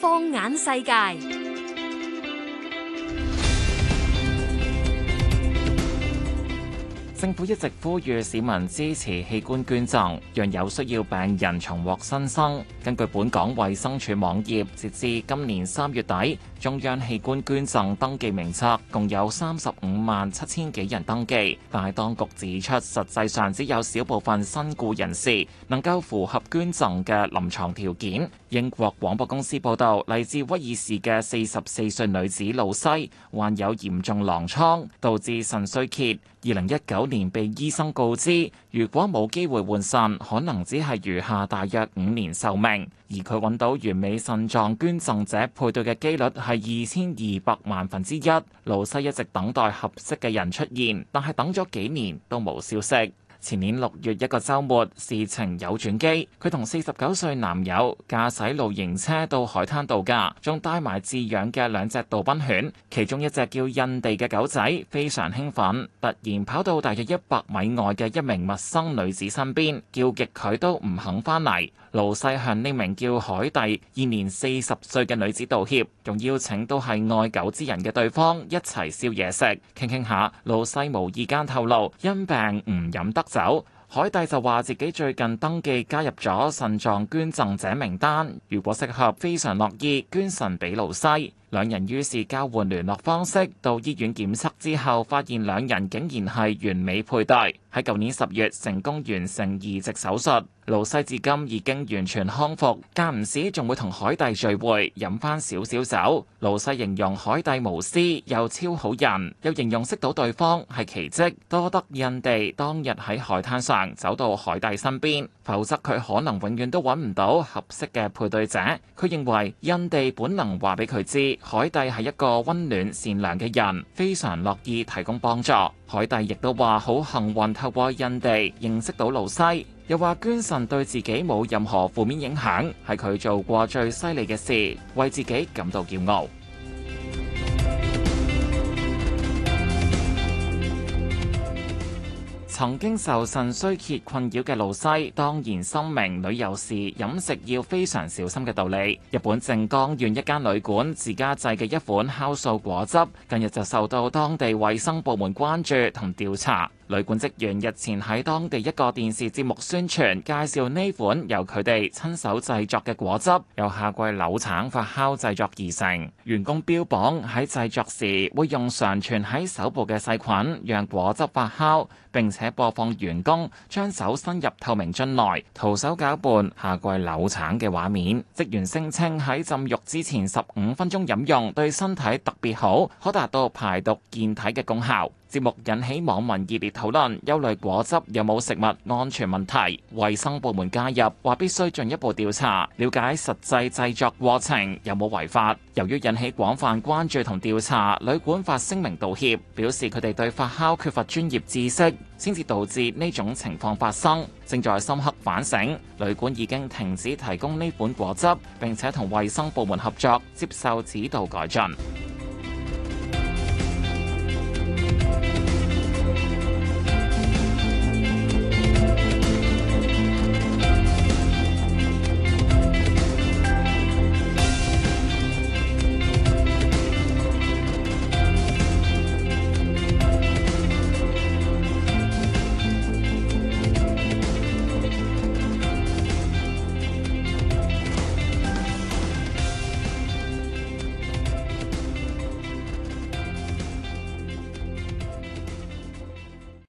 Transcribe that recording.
放眼世界。政府一直呼籲市民支持器官捐贈，讓有需要病人重獲新生。根據本港衛生署網頁，截至今年三月底，中央器官捐贈登記名冊共有三十五萬七千幾人登記，但係當局指出，實際上只有少部分身故人士能夠符合捐贈嘅臨床條件。英國廣播公司報道，嚟自威爾士嘅四十四歲女子露西患有嚴重狼瘡，導致腎衰竭。二零一九年被醫生告知，如果冇機會換腎，可能只係餘下大約五年壽命。而佢揾到完美腎臟捐贈者配對嘅機率係二千二百萬分之一。盧西一直等待合適嘅人出現，但係等咗幾年都冇消息。前年六月一個週末，事情有轉機。佢同四十九歲男友駕駛露營車到海灘度假，仲帶埋飼養嘅兩隻杜賓犬，其中一隻叫印地嘅狗仔非常興奮，突然跑到大約一百米外嘅一名陌生女子身邊，叫極佢都唔肯返嚟。老世向呢名叫海蒂、現年四十歲嘅女子道歉，仲邀請都係愛狗之人嘅對方一齊燒嘢食，傾傾下。老世無意間透露，因病唔飲得。走，海蒂就話自己最近登記加入咗腎臟捐贈者名單，如果適合，非常樂意捐腎俾露西。兩人於是交換聯絡方式，到醫院檢測之後，發現兩人竟然係完美配對。喺舊年十月成功完成移植手術，露西至今已經完全康復，間唔時仲會同海蒂聚會飲翻少少酒。露西形容海蒂無私又超好人，又形容識到對方係奇蹟，多得印地當日喺海灘上走到海蒂身邊，否則佢可能永遠都揾唔到合適嘅配對者。佢認為印地本能話俾佢知。海蒂係一個溫暖善良嘅人，非常樂意提供幫助。海蒂亦都話好幸運，透過印地認識到露西，又話捐腎對自己冇任何負面影響，係佢做過最犀利嘅事，為自己感到驕傲。曾經受腎衰竭困擾嘅露西，當然深明旅遊時飲食要非常小心嘅道理。日本靜岡縣一間旅館自家製嘅一款酵素果汁，近日就受到當地衛生部門關注同調查。旅館職員日前喺當地一個電視節目宣傳介紹呢款由佢哋親手製作嘅果汁，由夏季柳橙發酵製作而成。員工標榜喺製作時會用常存喺手部嘅細菌，讓果汁發酵。並且播放員工將手伸入透明樽內，徒手攪拌夏季柳橙嘅畫面。職員聲稱喺浸浴之前十五分鐘飲用，對身體特別好，可達到排毒健體嘅功效。節目引起網民熱烈討論，憂慮果汁有冇食物安全問題。衛生部門介入，話必須進一步調查，了解實際製作過程有冇違法。由於引起廣泛關注同調查，旅館發聲明道歉，表示佢哋對發酵缺乏專業知識，先至導致呢種情況發生，正在深刻反省。旅館已經停止提供呢款果汁，並且同衛生部門合作，接受指導改進。